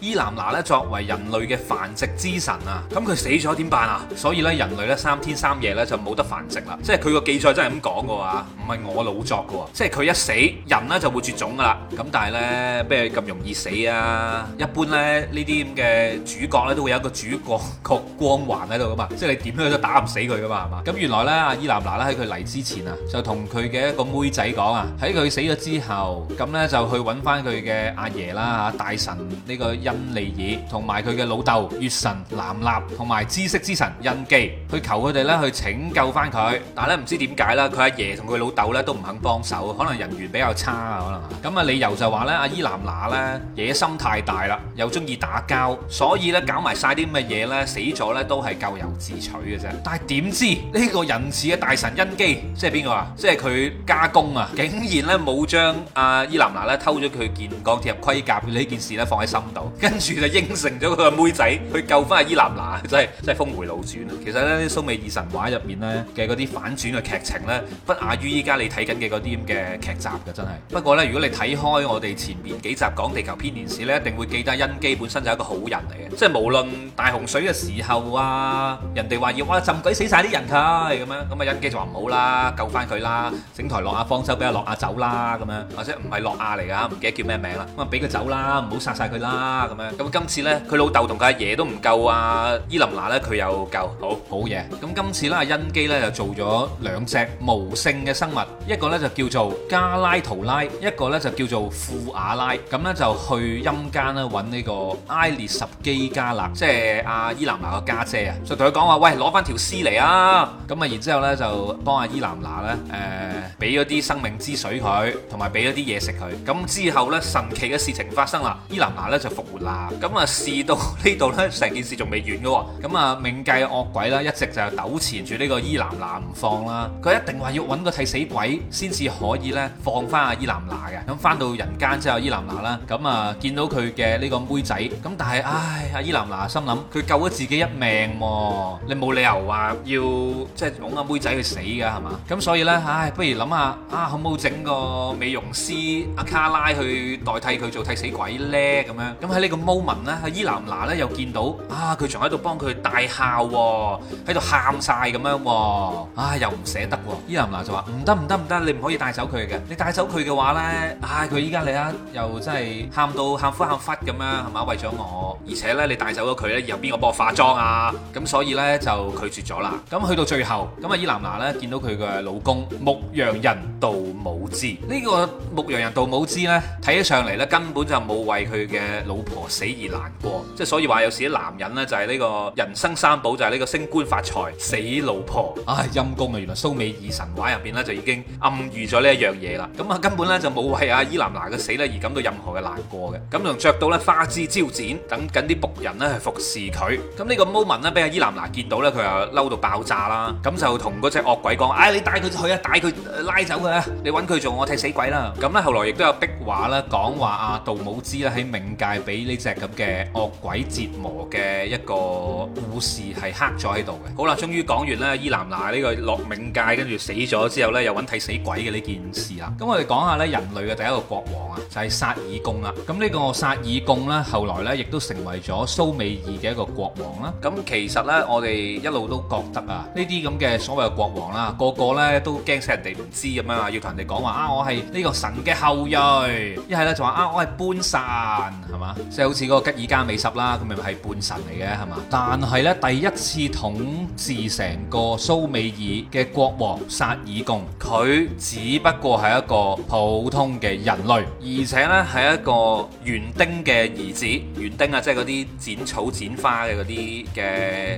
伊南娜咧，作為人類嘅繁殖之神啊，咁佢死咗點辦啊？所以咧，人類咧三天三夜咧就冇得繁殖啦。即係佢個記載真係咁講嘅話，唔係我老作嘅喎。即係佢一死，人咧就會絕種噶啦。咁但係咧，不如咁容易死啊？一般咧呢啲咁嘅主角咧都會有一個主角光光環喺度噶嘛。即係你點都打唔死佢噶嘛，係嘛？咁原來咧，伊南娜咧喺佢嚟之前啊，就同佢嘅一個妹仔講啊，喺佢死咗之後，咁咧就去揾翻佢嘅阿爺啦，大神呢個。恩利爾同埋佢嘅老豆月神藍立，同埋知識之神恩基，去求佢哋咧去拯救翻佢，但係咧唔知點解啦，佢阿爺同佢老豆咧都唔肯幫手，可能人緣比較差啊，可能咁啊，理由就話咧，阿伊南娜咧野心太大啦，又中意打交，所以咧搞埋晒啲乜嘢咧，死咗咧都係咎由自取嘅啫。但係點知呢個仁慈嘅大神恩基，即係邊個啊？即係佢家公啊，竟然咧冇將阿伊南娜咧偷咗佢件鋼鐵俠盔甲呢件事咧放喺心度。跟住就應承咗佢個妹仔去救翻阿伊南娜，真係真係峰回路轉啊！其實呢，《蘇美爾神話》入面呢嘅嗰啲反轉嘅劇情呢，不亞於依家你睇緊嘅嗰啲咁嘅劇集嘅，真係。不過呢，如果你睇開我哋前面幾集講地球編年史呢，一定會記得恩基本身就係一個好人嚟嘅，即係無論大洪水嘅時候啊，人哋話要哇浸鬼死晒啲人㗎，咁樣咁啊、嗯，恩基就話唔好啦，救翻佢啦，整台諾亞方舟俾阿諾亞走啦，咁樣或者唔係諾亞嚟㗎，唔記得叫咩名啦，咁啊俾佢走啦，唔好殺晒佢啦。咁樣，咁今次咧，佢老豆同佢阿爺都唔夠啊！伊南娜咧，佢又夠好好嘢。咁今次啦，恩基咧就做咗兩隻無性嘅生物，一個咧就叫做加拉圖拉，一個咧就叫做庫亞拉。咁咧就去陰間咧揾呢個埃列什基加勒，即係阿伊南娜個家姐啊，就同佢講話：「喂，攞翻條屍嚟啊！」咁啊，然之後咧就幫阿伊南娜咧，誒，俾咗啲生命之水佢，同埋俾咗啲嘢食佢。咁之後咧，神奇嘅事情發生啦，伊南娜咧就復活。嗱，咁啊，事到呢度咧，成件事仲未完噶喎。咁啊，冥界惡鬼啦，一直就係糾纏住呢個伊南娜唔放啦。佢一定話要揾個替死鬼先至可以咧，放翻阿伊南娜嘅。咁翻到人間之後，伊南娜啦，咁啊，見到佢嘅呢個妹仔，咁但係唉，阿伊南娜心諗，佢救咗自己一命喎，你冇理由話要即係拱阿妹仔去死噶係嘛？咁所以咧，唉，不如諗下啊，可唔可以整個美容師阿卡拉去代替佢做替死鬼咧？咁樣咁喺呢？呢個 moment 咧，阿伊南娜咧又見到啊，佢仲喺度幫佢大喊喎，喺度喊晒咁樣喎，唉，又唔捨得喎。伊南娜就話唔得唔得唔得，你唔可以帶走佢嘅，你帶走佢嘅話咧，唉，佢依家嚟啦，又真係喊到喊呼喊忽咁樣，係咪？為咗我，而且咧，你帶走咗佢咧，又邊個幫我化妝啊？咁所以咧就拒絕咗啦。咁去到最後，咁啊伊南娜咧見到佢嘅老公牧羊人杜母。呢個牧羊人道姆知呢，睇起上嚟呢，根本就冇為佢嘅老婆死而難過，即係所以話有時啲男人呢，就係、是、呢個人生三寶就係、是、呢個升官發財死老婆，唉陰公啊！原來蘇美爾神話入邊呢，就已經暗喻咗呢一樣嘢啦。咁、嗯、啊根本呢，就冇為阿伊南娜嘅死呢而感到任何嘅難過嘅，咁、嗯、仲着到呢，花枝招展，等緊啲僕人呢去服侍佢。咁、嗯、呢、這個 moment 呢，俾阿伊南娜見到呢，佢又嬲到爆炸啦，咁、嗯、就同嗰隻惡鬼講：，唉、哎，你帶佢去啊，帶佢拉走佢啊，你揾佢，做我替死鬼啦，咁咧，後來亦都有壁畫咧，講話阿杜姆茲咧，喺冥界俾呢隻咁嘅惡鬼折磨嘅一個故事係刻咗喺度嘅。好啦，終於講完咧，伊南娜呢個落冥界，跟住死咗之後咧，又搵替死鬼嘅呢件事啦。咁我哋講下咧，人類嘅第一個國王啊，就係薩爾貢啦。咁呢個薩爾貢咧，後來咧，亦都成為咗蘇美爾嘅一個國王啦。咁其實咧，我哋一路都覺得啊，呢啲咁嘅所謂嘅國王啦，個個咧，都驚死人哋唔知咁啊，要同人哋講話。啊！我係呢個神嘅後裔，一係咧就話啊，我係半神，係嘛？即係好似嗰個吉爾伽美什啦，佢咪係半神嚟嘅，係嘛？但係咧，第一次統治成個蘇美爾嘅國王薩爾貢，佢只不過係一個普通嘅人類，而且咧係一個園丁嘅兒子，園丁啊，即係嗰啲剪草剪花嘅嗰啲嘅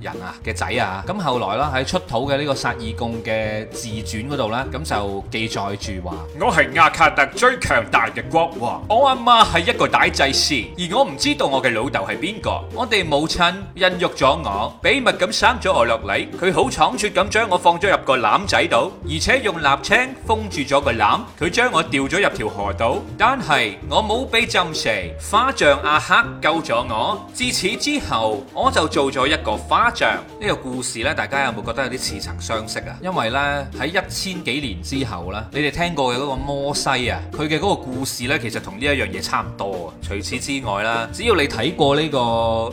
人啊嘅仔啊。咁後來啦，喺出土嘅呢個薩爾貢嘅自傳嗰度咧，咁就記載住話。我係阿卡德最強大嘅國王，我阿媽係一個大祭司，而我唔知道我嘅老豆係邊個。我哋母親孕育咗我，秘密咁生咗我落嚟，佢好倉促咁將我放咗入個籃仔度，而且用瀝青封住咗個籃，佢將我掉咗入條河度。但係我冇被浸死，花匠阿黑救咗我。自此之後，我就做咗一個花匠。呢個故事咧，大家有冇覺得有啲似曾相識啊？因為咧喺一千幾年之後咧，你哋聽過嘅嗰個摩西啊，佢嘅嗰個故事呢，其實同呢一樣嘢差唔多。除此之外啦，只要你睇過呢個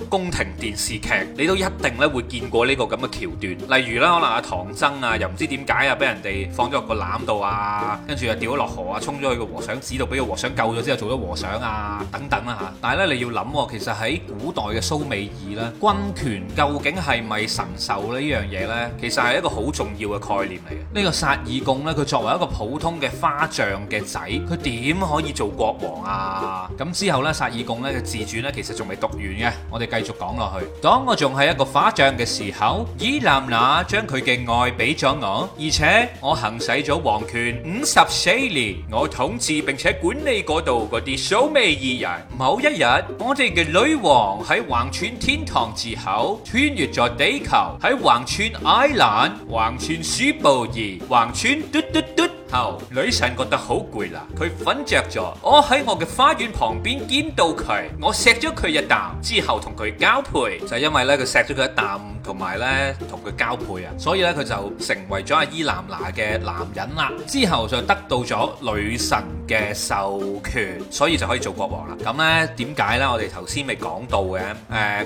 宮廷電視劇，你都一定咧會見過呢個咁嘅橋段。例如啦，可能阿唐僧啊，又唔知點解啊，俾人哋放咗入個籃度啊，跟住啊掉咗落河啊，衝咗去個和尚寺度，俾個和尚救咗之後做咗和尚啊，等等啦、啊、嚇。但係呢，你要諗喎，其實喺古代嘅蘇美爾呢，君權究竟係咪神授咧呢樣嘢呢？其實係一個好重要嘅概念嚟嘅。呢、呢個薩爾貢呢，佢作為一個普通嘅花匠嘅仔，佢點可以做國王啊？咁之後呢，薩爾貢呢嘅自傳呢，其實仲未讀完嘅，我哋繼續講落去。當我仲係一個花匠嘅時候，伊南娜將佢嘅愛俾咗我，而且我行使咗皇權五十四年，我統治並且管理嗰度嗰啲蘇美爾人。某一日，我哋嘅女王喺橫穿天堂之後，穿越咗地球，喺橫穿埃蘭、橫穿蘇布爾、橫穿嘟嘟嘟。後女神覺得好攰啦，佢瞓着咗。我喺我嘅花園旁邊見到佢，我錫咗佢一啖之後同佢交配，就係、是、因為呢，佢錫咗佢一啖，同埋呢，同佢交配啊，所以呢，佢就成為咗阿伊南娜嘅男人啦。之後就得到咗女神嘅授權，所以就可以做國王啦。咁呢點解呢？我哋頭先咪講到嘅，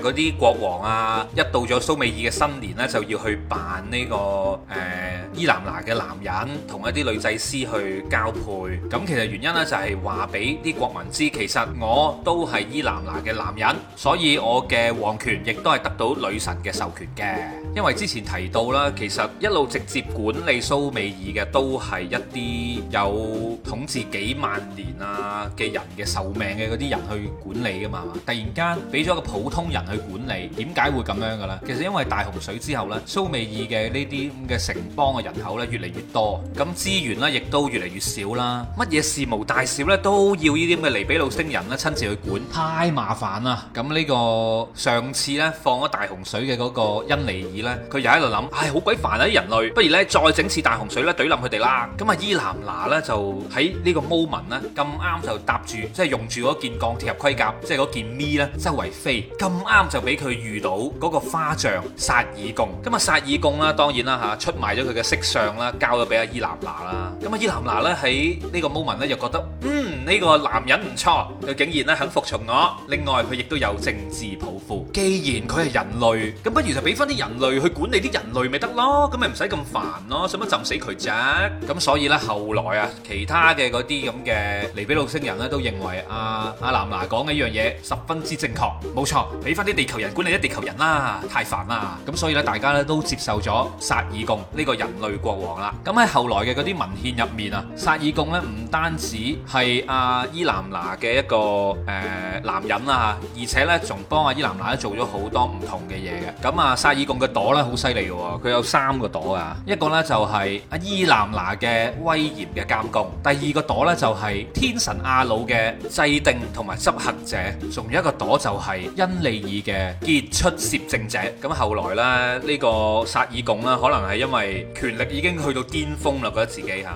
誒嗰啲國王啊，一到咗蘇美爾嘅新年呢，就要去扮呢、這個誒、呃、伊南娜嘅男人，同一啲女仔。私去交配咁，其實原因咧就係話俾啲國民知，其實我都係伊南娜嘅男人，所以我嘅王權亦都係得到女神嘅授權嘅。因為之前提到啦，其實一路直接管理蘇美爾嘅都係一啲有統治幾萬年啊嘅人嘅壽命嘅嗰啲人去管理噶嘛，突然間俾咗個普通人去管理，點解會咁樣噶咧？其實因為大洪水之後咧，蘇美爾嘅呢啲咁嘅城邦嘅人口咧越嚟越多，咁資源咧。亦都越嚟越少啦，乜嘢事無大小咧都要呢啲咁嘅尼比魯星人咧親自去管，太麻煩啦。咁呢個上次咧放咗大洪水嘅嗰個恩尼爾咧，佢又喺度諗，唉，好鬼煩啊啲人類，不如咧再整次大洪水咧，懟冧佢哋啦。咁啊，伊南娜咧就喺呢個 moment 咧，咁啱就搭住即係用住嗰件鋼鐵合金盔甲，即係嗰件 me 咧，周圍飛，咁啱就俾佢遇到嗰個花匠薩爾貢。咁啊，薩爾貢啦，當然啦嚇，出賣咗佢嘅色相啦，交咗俾啊伊南娜啦。咁啊，伊南娜咧喺呢個 moment 咧又覺得，嗯，呢個男人唔錯，佢竟然咧肯服從我。另外佢亦都有政治抱負，既然佢係人類，咁不如就俾翻啲人類去管理啲人類咪得咯，咁咪唔使咁煩咯，使乜浸死佢啫？咁所以咧，後來啊，其他嘅嗰啲咁嘅尼比魯星人咧都認為啊，阿南娜講嘅一樣嘢十分之正確，冇錯，俾翻啲地球人管理啲地球人啦，太煩啦。咁所以咧，大家咧都接受咗薩爾貢呢個人類國王啦。咁喺後來嘅嗰啲文。入面啊，薩爾貢咧唔單止係阿伊南娜嘅一個誒、呃、男人啊，而且咧仲幫阿伊南娜做咗好多唔同嘅嘢嘅。咁啊，薩爾貢嘅朵咧好犀利嘅喎，佢有三個朵啊，一個咧就係、是、阿伊南娜嘅威嚴嘅監工，第二個朵咧就係、是、天神阿魯嘅制定同埋執行者，仲有一個朵就係、是、恩利爾嘅傑出攝政者。咁後來咧呢、這個薩爾貢啦，可能係因為權力已經去到巔峰啦，覺得自己嚇。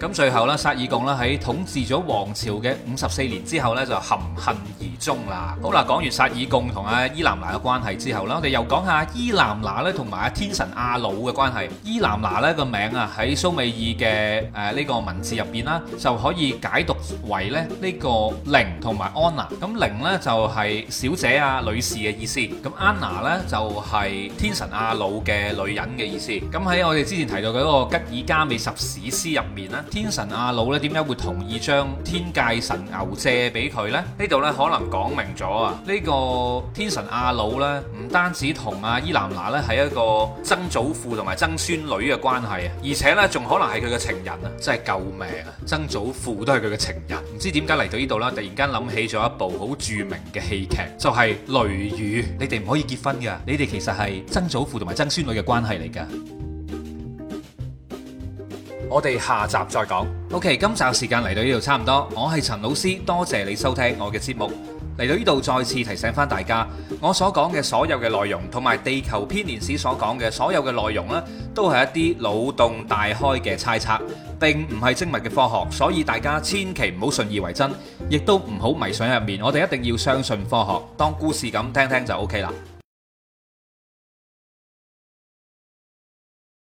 咁最後咧，薩爾貢咧喺統治咗王朝嘅五十四年之後咧，就含恨而終啦。好啦，講完薩爾貢同啊伊南娜嘅關係之後啦，我哋又講下伊南娜咧同埋啊天神亞魯嘅關係。伊南娜呢個名啊喺蘇美爾嘅誒呢個文字入邊啦，就可以解讀。位咧呢個靈同埋安娜，咁靈呢就係小姐啊女士嘅意思，咁安娜呢就係天神阿魯嘅女人嘅意思。咁喺我哋之前提到嘅嗰個《吉爾加美什史詩》入面咧，天神阿魯咧點解會同意將天界神牛借俾佢呢？呢度咧可能講明咗啊！呢個天神阿魯呢，唔單止同阿伊南娜咧係一個曾祖父同埋曾孫女嘅關係啊，而且呢，仲可能係佢嘅情人啊！真係救命啊！曾祖父都係佢嘅情人。呀，唔知點解嚟到呢度啦，突然間諗起咗一部好著名嘅戲劇，就係《雷雨》。你哋唔可以結婚㗎，你哋其實係曾祖父同埋曾孫女嘅關係嚟㗎。我哋下集再講。OK，今集時間嚟到呢度差唔多，我係陳老師，多謝你收聽我嘅節目。嚟到呢度，再次提醒翻大家，我所講嘅所有嘅內容，同埋地球編年史所講嘅所有嘅內容呢都係一啲腦洞大開嘅猜測，並唔係精密嘅科學，所以大家千祈唔好信以為真，亦都唔好迷信入面。我哋一定要相信科學，當故事咁聽聽就 OK 啦。